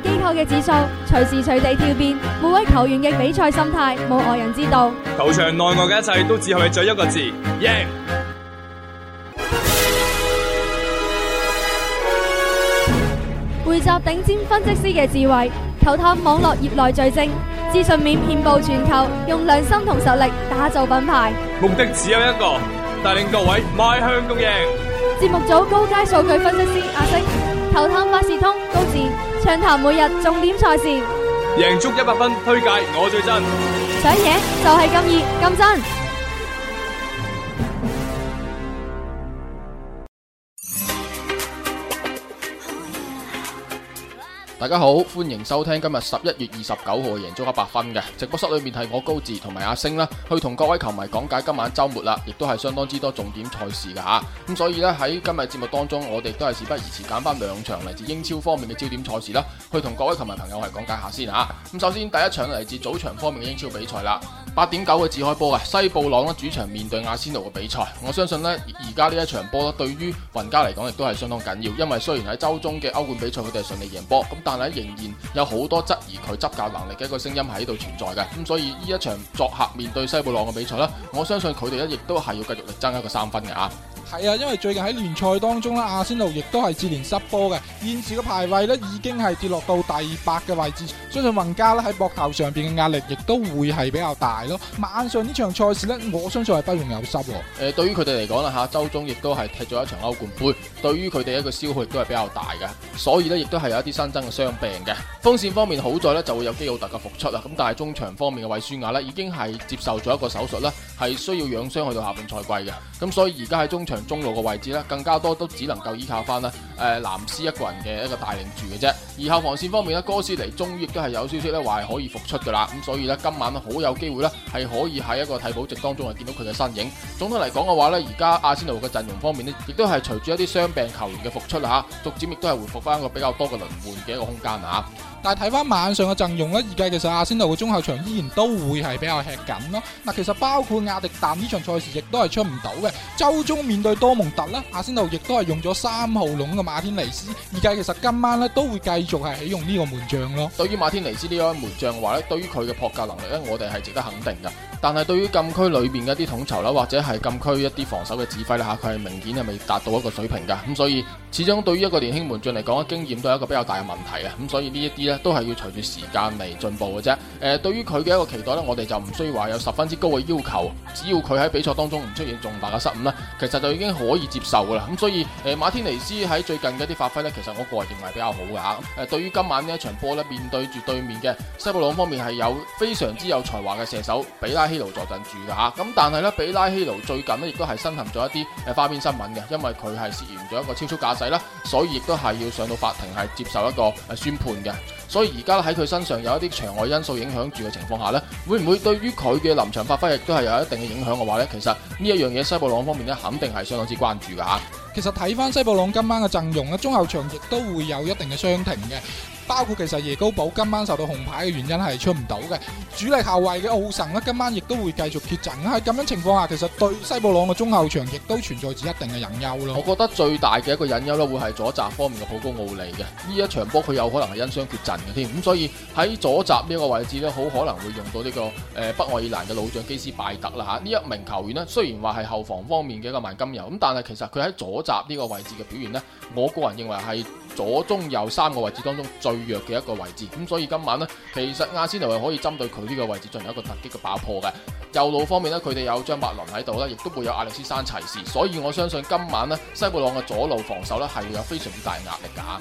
機構嘅指數隨時隨地跳變，每位球員嘅比賽心態冇外人知道。球場內外嘅一切都只繫在一個字：贏。匯集頂尖分析師嘅智慧，球探網絡業內最精，資訊面遍布全球，用良心同實力打造品牌。目的只有一個，帶領各位邁向共贏。節目組高階數據分析師阿星，球探萬事通高智。暢談每日重點賽事，贏足一百分，推介我最真，想贏就係咁易咁真。大家好，歡迎收聽今日十一月二十九號嘅贏足一百分嘅直播室裏面係我高志同埋阿星啦，去同各位球迷講解今晚周末啦，亦都係相當之多重點賽事嘅。吓、啊。咁、嗯、所以咧喺今日節目當中，我哋都係事不宜遲，揀翻兩場嚟自英超方面嘅焦點賽事啦，去同各位球迷朋友係講解一下先吓、啊。咁、嗯、首先第一場嚟自早場方面嘅英超比賽啦，八點九個字開波呀，西布朗啦主場面對阿仙奴嘅比賽，我相信呢，而家呢一場波咧對於雲加嚟講亦都係相當緊要，因為雖然喺周中嘅歐冠比賽佢哋係順利贏波，咁但但係仍然有好多質疑佢執教能力嘅一個聲音喺度存在嘅，咁所以呢一場作客面對西布朗嘅比賽咧，我相信佢哋咧，亦都係要繼續力爭一個三分嘅係啊，因為最近喺聯賽當中咧，阿仙奴亦都係接連失波嘅，現時嘅排位咧已經係跌落到第八嘅位置，相信雲加咧喺膊頭上邊嘅壓力亦都會係比較大咯。晚上呢場賽事呢，我相信係不容有失。誒、呃，對於佢哋嚟講啦吓，周中亦都係踢咗一場歐冠杯，對於佢哋一個消耗亦都係比較大嘅，所以呢，亦都係有一啲新增嘅傷病嘅。鋒線方面好在呢就會有基奧特嘅復出啦，咁但係中場方面嘅韋舒亞呢，已經係接受咗一個手術啦，係需要養傷去到下半賽季嘅，咁所以而家喺中場。中路嘅位置咧，更加多都只能夠依靠翻呢誒，南斯一個人嘅一個帶領住嘅啫。而後防線方面呢，哥斯尼終於亦都係有消息咧話係可以復出噶啦，咁所以呢，今晚好有機會呢，係可以喺一個替補席當中啊見到佢嘅身影。總體嚟講嘅話呢，而家阿仙奴嘅陣容方面呢，亦都係隨住一啲傷病球員嘅復出啦吓，逐漸亦都係回復翻一個比較多嘅輪換嘅一個空間啊。但係睇翻晚上嘅陣容呢，二季其實阿仙奴嘅中後場依然都會係比較吃緊咯。嗱，其實包括阿迪淡呢場賽事亦都係出唔到嘅。週中面對多蒙特呢，阿仙奴亦都係用咗三號龍嘅馬天尼斯。二季其實今晚呢都會繼續係起用呢個門將咯。對於馬天尼斯呢個門將嘅話呢，對於佢嘅撲格能力呢，我哋係值得肯定嘅。但係對於禁區裏邊嘅一啲統籌啦，或者係禁區一啲防守嘅指揮啦嚇，佢係明顯係未達到一個水平噶。咁所以始終對於一個年輕門將嚟講，經驗都係一個比較大嘅問題啊。咁所以呢一啲咧都係要隨住時間嚟進步嘅啫。誒、呃，對於佢嘅一個期待咧，我哋就唔需要話有十分之高嘅要求，只要佢喺比賽當中唔出現重大嘅失誤啦，其實就已經可以接受噶啦。咁所以誒、呃，馬天尼斯喺最近嘅一啲發揮咧，其實我個人認為比較好噶嚇。誒、呃，對於今晚呢一場波咧，面對住對面嘅西布朗方面係有非常之有才華嘅射手比拉希羅坐鎮住噶吓，咁但係咧，比拉希羅最近呢亦都係身陷咗一啲誒花邊新聞嘅，因為佢係涉嫌咗一個超速駕駛啦，所以亦都係要上到法庭係接受一個誒宣判嘅，所以而家喺佢身上有一啲場外因素影響住嘅情況下呢，會唔會對於佢嘅臨場發揮亦都係有一定嘅影響嘅話呢？其實呢一樣嘢西布朗方面呢肯定係相當之關注噶吓。其實睇翻西布朗今晚嘅陣容咧，中後場亦都會有一定嘅傷停嘅。包括其實耶高堡今晚受到紅牌嘅原因係出唔到嘅主力後衞嘅奧神咧，今晚亦都會繼續缺陣。喺咁樣情況下，其實對西布朗嘅中後場亦都存在住一定嘅隱憂咯。我覺得最大嘅一個隱憂咧，會係左閘方面嘅普高奧利嘅。呢一場波佢有可能係因傷缺陣嘅添。咁所以喺左閘呢個位置呢，好可能會用到呢、呢個誒、呃、北愛爾蘭嘅老將基斯拜特啦嚇。呢一名球員咧，雖然話係後防方面嘅一個萬金油，咁但係其實佢喺左閘呢個位置嘅表現呢，我個人認為係，左、中、右三個位置當中最弱嘅一個位置，咁、嗯、所以今晚呢，其實阿仙奴係可以針對佢呢個位置進行一個突擊嘅爆破嘅。右路方面呢，佢哋有張伯倫喺度咧，亦都會有亞歷斯山齊士，所以我相信今晚呢，西布朗嘅左路防守呢係會有非常之大壓力噶。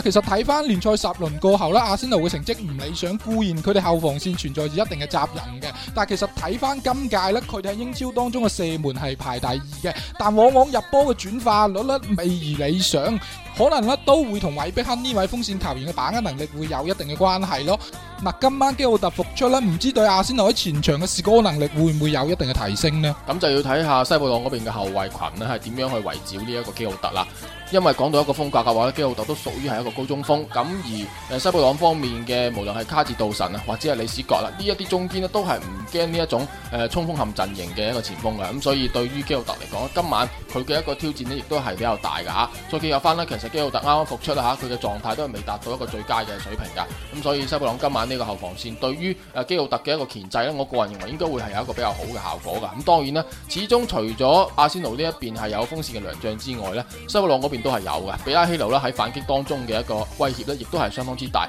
嗱，其實睇翻聯賽十輪過後咧，阿仙奴嘅成績唔理想，固然佢哋後防線存在住一定嘅責任嘅，但係其實睇翻今屆呢，佢哋喺英超當中嘅射門係排第二嘅，但往往入波嘅轉化率呢未如理想。可能咧都會同韋碧亨呢位鋒線球員嘅把握能力會有一定嘅關係咯。嗱，今晚基奧特復出咧，唔知對阿仙奴喺前場嘅試攻能力會唔會有一定嘅提升呢？咁就要睇下西布朗嗰邊嘅後衞群咧係點樣去圍剿呢一個基奧特啦。因為講到一個風格嘅話咧，基奧特都屬於係一個高中鋒，咁而誒西布朗方面嘅無論係卡治道臣啊，或者係李史角啦，呢一啲中堅咧都係唔驚呢一種誒、呃、衝鋒陷陣型嘅一個前鋒嘅，咁所以對於基奧特嚟講今晚佢嘅一個挑戰呢亦都係比較大㗎。再結合翻呢，其實基奧特啱啱復出啦嚇，佢嘅狀態都係未達到一個最佳嘅水平㗎，咁所以西布朗今晚。呢個後防線對於啊基奧特嘅一個鉗制咧，我個人認為應該會係有一個比較好嘅效果㗎。咁當然啦，始終除咗阿仙奴呢一邊係有鋒線嘅強將之外咧，西布朗嗰邊都係有嘅。比拉希流咧喺反擊當中嘅一個威脅咧，亦都係相當之大。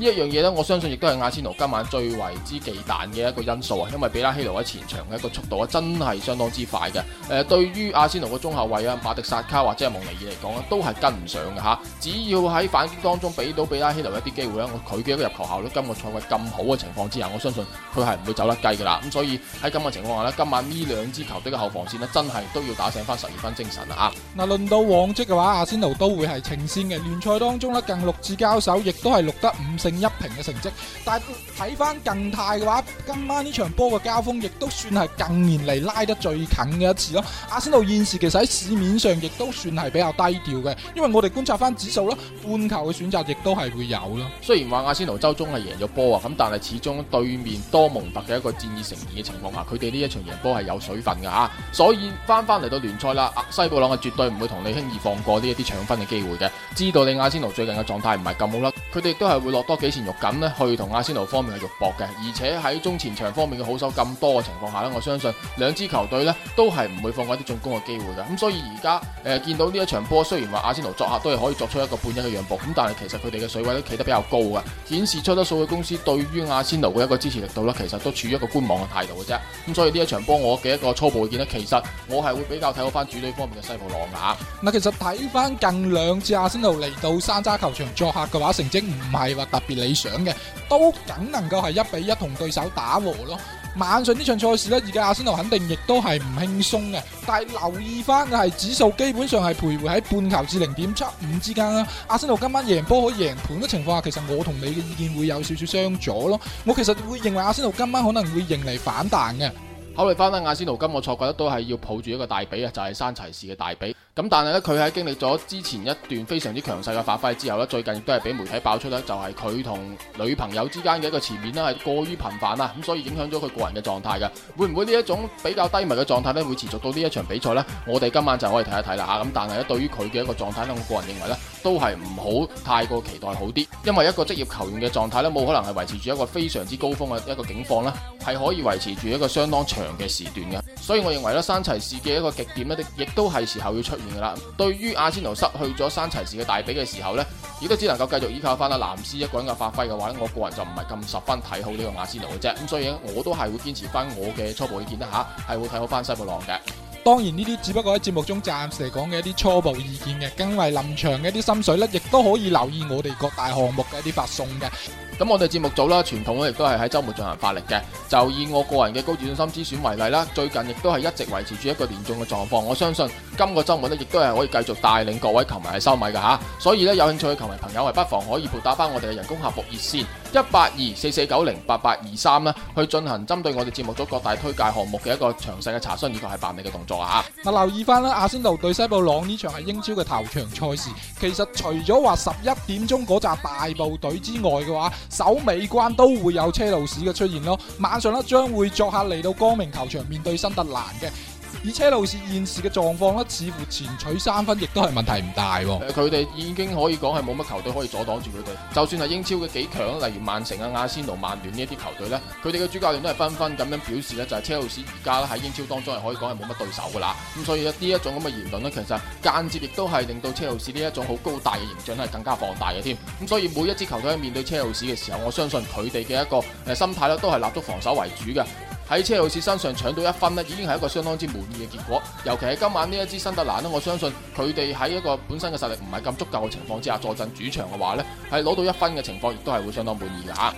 呢一樣嘢咧，我相信亦都係阿仙奴今晚最為之忌憚嘅一個因素啊！因為比拉希奴喺前場嘅一個速度啊，真係相當之快嘅。誒，對於阿仙奴嘅中後衞啊，馬迪薩卡或者係蒙尼爾嚟講啊，都係跟唔上嘅嚇。只要喺反擊當中俾到比拉希奴一啲機會咧，佢嘅一個入球效率喺今個賽季咁好嘅情況之下，我相信佢係唔會走得雞㗎啦。咁所以喺今個情況下咧，今晚呢兩支球隊嘅後防線咧，真係都要打醒翻十二分精神啊！嗱，輪到往績嘅話，阿仙奴都會係清線嘅聯賽當中咧，近六次交手亦都係錄得五一平嘅成績，但係睇翻近太嘅話，今晚呢場波嘅交鋒亦都算係近年嚟拉得最近嘅一次咯。阿仙奴現時其實喺市面上亦都算係比較低調嘅，因為我哋觀察翻指數啦，半球嘅選擇亦都係會有咯。雖然話阿仙奴周中係贏咗波啊，咁但係始終對面多蒙特嘅一個戰意呈現嘅情況下，佢哋呢一場贏波係有水分嘅啊。所以翻翻嚟到聯賽啦，西布朗係絕對唔會同你輕易放過呢一啲搶分嘅機會嘅。知道你阿仙奴最近嘅狀態唔係咁好啦，佢哋都係會落。多幾錢肉緊呢，去同阿仙奴方面嘅肉搏嘅，而且喺中前場方面嘅好手咁多嘅情況下呢，我相信兩支球隊呢都係唔會放過一啲進攻嘅機會嘅。咁所以而家誒見到呢一場波，雖然話阿仙奴作客都係可以作出一個半一嘅讓步，咁但係其實佢哋嘅水位都企得比較高嘅，顯示出得數據公司對於阿仙奴嘅一個支持力度呢，其實都處於一個觀望嘅態度嘅啫。咁所以呢一場波我嘅一個初步見得，其實我係會比較睇好翻主隊方面嘅西部羅亞。嗱，其實睇翻近兩次阿仙奴嚟到山揸球場作客嘅話，成績唔係話特別理想嘅，都僅能夠係一比一同對手打和咯。晚上呢場賽事呢，而家阿仙奴肯定亦都係唔輕鬆嘅。但係留意翻嘅係指數，基本上係徘徊喺半球至零點七五之間啦。阿仙奴今晚贏波可以贏盤嘅情況下，其實我同你嘅意見會有少少相左咯。我其實會認為阿仙奴今晚可能會迎嚟反彈嘅。考慮翻啦，阿仙奴今個賽季咧都係要抱住一個大髀啊，就係、是、山齊士嘅大髀。咁但係咧，佢喺經歷咗之前一段非常之強勢嘅發揮之後咧，最近亦都係俾媒體爆出咧，就係佢同女朋友之間嘅一個纏綿，咧係過於頻繁啦。咁所以影響咗佢個人嘅狀態嘅。會唔會呢一種比較低迷嘅狀態咧，會持續到呢一場比賽呢？我哋今晚就可以睇一睇啦。咁但係咧，對於佢嘅一個狀態咧，我個人認為咧，都係唔好太過期待好啲，因為一個職業球員嘅狀態咧，冇可能係維持住一個非常之高峰嘅一個境況啦，係可以維持住一個相當長嘅時段嘅。所以，我認為咧，山齊士嘅一個極點咧，亦都係時候要出現㗎喇。對於阿仙奴失去咗山齊士嘅大髀嘅時候咧，亦都只能夠繼續依靠返阿藍斯一個人嘅發揮嘅話，我個人就唔係咁十分睇好呢個阿仙奴嘅啫。咁所以咧，我都係會堅持返我嘅初步意見啦嚇，係會睇好返西布朗嘅。當然呢啲只不過喺節目中暫時嚟講嘅一啲初步意見嘅，更為臨場嘅一啲心水咧，亦都可以留意我哋各大項目嘅一啲發送嘅。咁我哋節目組啦，傳統咧亦都係喺周末進行發力嘅。就以我個人嘅高志順心之選為例啦，最近亦都係一直維持住一個嚴重嘅狀況。我相信今個周末呢，亦都係可以繼續帶領各位球迷去收米㗎吓。所以咧，有興趣嘅球迷朋友係不妨可以撥打翻，我哋嘅人工客服熱線一八二四四九零八八二三去進行針對我哋節目組各大推介項目嘅一個詳細嘅查詢以及係辦理嘅動作吓、啊，嗱留意翻啦，阿仙奴對西布朗呢場係英超嘅頭場賽事，其實除咗話十一點鐘嗰集大部隊之外嘅話，首尾關都會有車路士嘅出現咯，晚上呢將會作客嚟到光明球場面對新特蘭嘅。而車路士現時嘅狀況咧，似乎前取三分亦都係問題唔大、啊。佢哋，呃、已經可以講係冇乜球隊可以阻擋住佢哋。就算係英超嘅幾強，例如曼城啊、阿仙奴、曼聯呢一啲球隊咧，佢哋嘅主教練都係紛紛咁樣表示咧，就係、是、車路士而家喺英超當中係可以講係冇乜對手噶啦。咁所以一呢一種咁嘅言論咧，其實間接亦都係令到車路士呢一種好高大嘅形象咧，係更加放大嘅添。咁所以每一支球隊喺面對車路士嘅時候，我相信佢哋嘅一個誒心態咧，都係立足防守為主嘅。喺車路士身上搶到一分呢，已經係一個相當之滿意嘅結果。尤其係今晚呢一支新特蘭咧，我相信佢哋喺一個本身嘅實力唔係咁足夠嘅情況之下，坐鎮主場嘅話呢，係攞到一分嘅情況，亦都係會相當滿意嘅吓。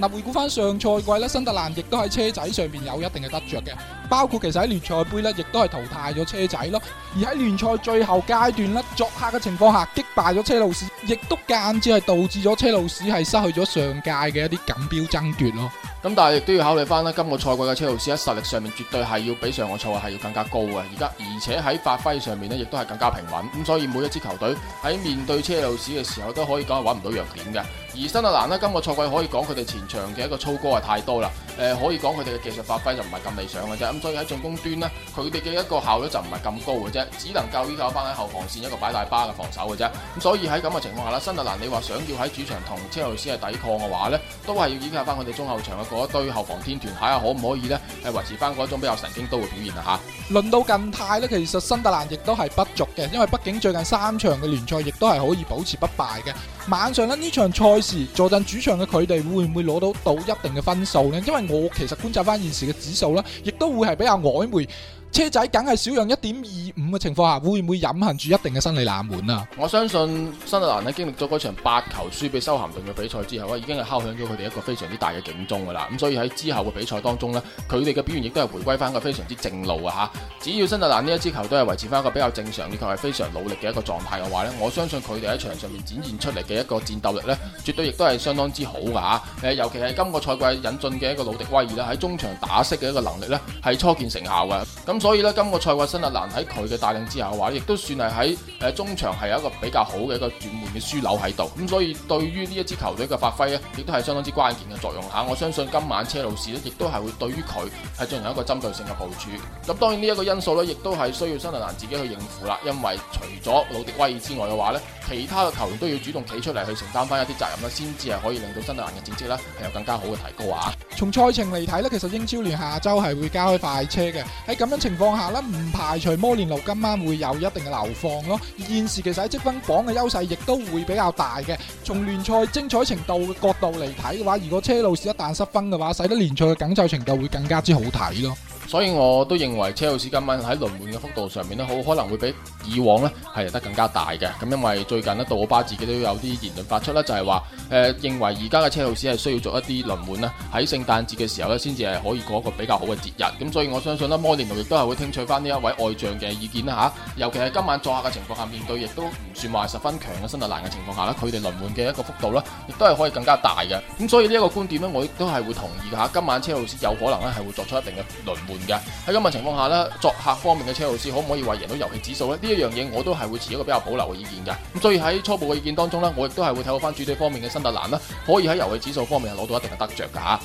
嗱，回顧翻上賽季呢，新特蘭亦都喺車仔上邊有一定嘅得着嘅，包括其實喺聯賽杯呢，亦都係淘汰咗車仔咯。而喺聯賽最後階段呢，作客嘅情況下擊敗咗車路士，亦都間接係導致咗車路士係失去咗上屆嘅一啲錦標爭奪咯。咁但係亦都要考慮翻咧，今個賽季嘅車路士喺實力上面絕對係要比上個賽季係要更加高嘅，而家而且喺發揮上面呢，亦都係更加平穩。咁所以每一支球隊喺面對車路士嘅時候，都可以講係搵唔到弱點嘅。而新特蘭呢，今個賽季可以講佢哋前場嘅一個操歌係太多啦，誒、呃，可以講佢哋嘅技術發揮就唔係咁理想嘅啫。咁所以喺進攻端呢，佢哋嘅一個效率就唔係咁高嘅啫，只能夠依靠翻喺後防線一個擺大巴嘅防守嘅啫。咁所以喺咁嘅情況下啦，新特蘭你話想要喺主場同車路士係抵抗嘅話呢，都係要依靠翻佢哋中後場嘅。嗰堆後防天團睇下可唔可以咧，係維持翻嗰種比較神經刀嘅表現啊嚇！輪到近泰呢，其實新特蘭亦都係不俗嘅，因為畢竟最近三場嘅聯賽亦都係可以保持不敗嘅。晚上咧，呢場賽事坐陣主場嘅佢哋會唔會攞到到一定嘅分數咧？因為我其實觀察翻現時嘅指數呢，亦都會係比較曖昧。車仔梗係少用一點二五嘅情況下，會唔會隱含住一定嘅心理冷門啊？我相信新特蘭喺經歷咗嗰場八球輸俾修咸頓嘅比賽之後啊，已經係敲響咗佢哋一個非常之大嘅警鐘噶啦。咁所以喺之後嘅比賽當中呢，佢哋嘅表現亦都係回歸翻一個非常之正路啊！吓，只要新特蘭呢一支球隊係維持翻一個比較正常以及係非常努力嘅一個狀態嘅話呢，我相信佢哋喺場上面展現出嚟嘅一個戰鬥力呢，絕對亦都係相當之好噶吓。尤其係今個賽季引進嘅一個魯迪威爾咧，喺中場打式嘅一個能力呢，係初見成效嘅。咁所以咧，今個賽季新特蘭喺佢嘅帶領之下嘅話，亦都算係喺誒中場係有一個比較好嘅一個轉換嘅樞紐喺度。咁所以對於呢一支球隊嘅發揮呢，亦都係相當之關鍵嘅作用嚇。我相信今晚車路士呢，亦都係會對於佢係進行一個針對性嘅部署。咁當然呢一個因素呢，亦都係需要新特蘭自己去應付啦。因為除咗魯迪威爾之外嘅話呢，其他嘅球員都要主動企出嚟去承擔翻一啲責任啦，先至係可以令到新特蘭嘅戰績呢係有更加好嘅提高啊！從賽程嚟睇呢，其實英超聯下周係會加開快車嘅。喺咁樣情情況下啦，唔排除摩連奴今晚會有一定嘅流放咯。現時其實喺積分榜嘅優勢亦都會比較大嘅。從聯賽精彩程度嘅角度嚟睇嘅話，如果車路士一旦失分嘅話，使得聯賽嘅緊湊程度會更加之好睇咯。所以我都認為車路士今晚喺輪換嘅幅度上面咧，好可能會比以往咧係得更加大嘅。咁因為最近呢，杜巴自己都有啲言論發出啦，就係話誒認為而家嘅車路士係需要做一啲輪換啦，喺聖誕節嘅時候呢，先至係可以過一個比較好嘅節日。咁所以我相信咧，摩連奴亦都係會聽取翻呢一位外將嘅意見啦嚇。尤其係今晚作客嘅情況下，面對亦都唔算話十分強嘅新特蘭嘅情況下啦，佢哋輪換嘅一個幅度咧，亦都係可以更加大嘅。咁所以呢一個觀點呢，我亦都係會同意嘅嚇。今晚車路士有可能咧係會作出一定嘅輪換。喺咁嘅情況下咧，作客方面嘅車路士可唔可以話贏到遊戲指數呢？呢一樣嘢我都係會持一個比較保留嘅意見嘅。咁所以喺初步嘅意見當中咧，我亦都係會睇到翻主隊方面嘅新特蘭啦，可以喺遊戲指數方面係攞到一定嘅得著㗎。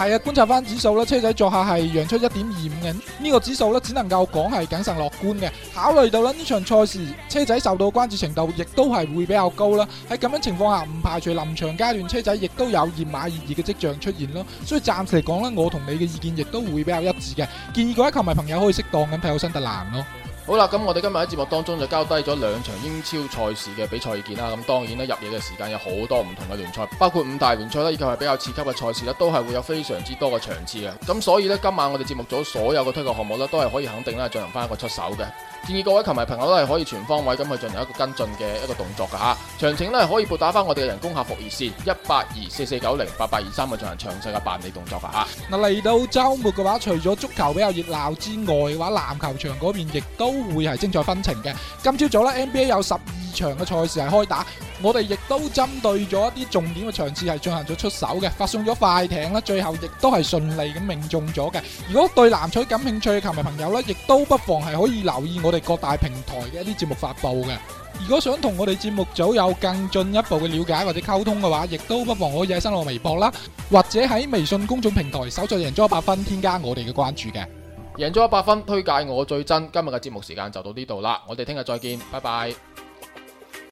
係啊，觀察翻指數啦，車仔作客係讓出一點二五嘅，呢、這個指數咧只能夠講係謹慎樂觀嘅。考慮到啦呢場賽事，車仔受到嘅關注程度亦都係會比較高啦。喺咁樣情況下，唔排除臨場階段車仔亦都有熱買熱賣嘅跡象出現咯。所以暫時嚟講咧，我同你嘅意見亦都會比較一致嘅，建議各位球迷朋友可以適當咁睇好新特蘭咯。好啦，咁我哋今日喺節目當中就交低咗兩場英超賽事嘅比賽意見啦。咁當然咧，入夜嘅時間有好多唔同嘅聯賽，包括五大聯賽啦，以及係比較刺激嘅賽事啦，都係會有非常之多嘅場次嘅。咁所以呢，今晚我哋節目組所有嘅推介項目呢，都係可以肯定咧進行翻一個出手嘅。建議各位球迷朋友都係可以全方位咁去進行一個跟進嘅一個動作噶吓。詳、啊、情呢，可以撥打翻我哋嘅人工客服熱線一八二四四九零八八二三去進行詳細嘅辦理動作噶吓。嗱、啊、嚟到周末嘅話，除咗足球比較熱鬧之外嘅話，籃球場嗰邊亦都。會係精彩紛呈嘅。今朝早咧，NBA 有十二場嘅賽事係開打，我哋亦都針對咗一啲重點嘅場次係進行咗出手嘅，發送咗快艇啦，最後亦都係順利咁命中咗嘅。如果對籃彩感興趣嘅球迷朋友呢，亦都不妨係可以留意我哋各大平台嘅一啲節目發布嘅。如果想同我哋節目組有更進一步嘅了解或者溝通嘅話，亦都不妨可以喺新浪微博啦，或者喺微信公眾平台搜索贏足 100FUN，添加我哋嘅關注嘅。贏咗一百分，推介我最真。今日嘅節目時間就到呢度喇，我哋聽日再見，拜拜。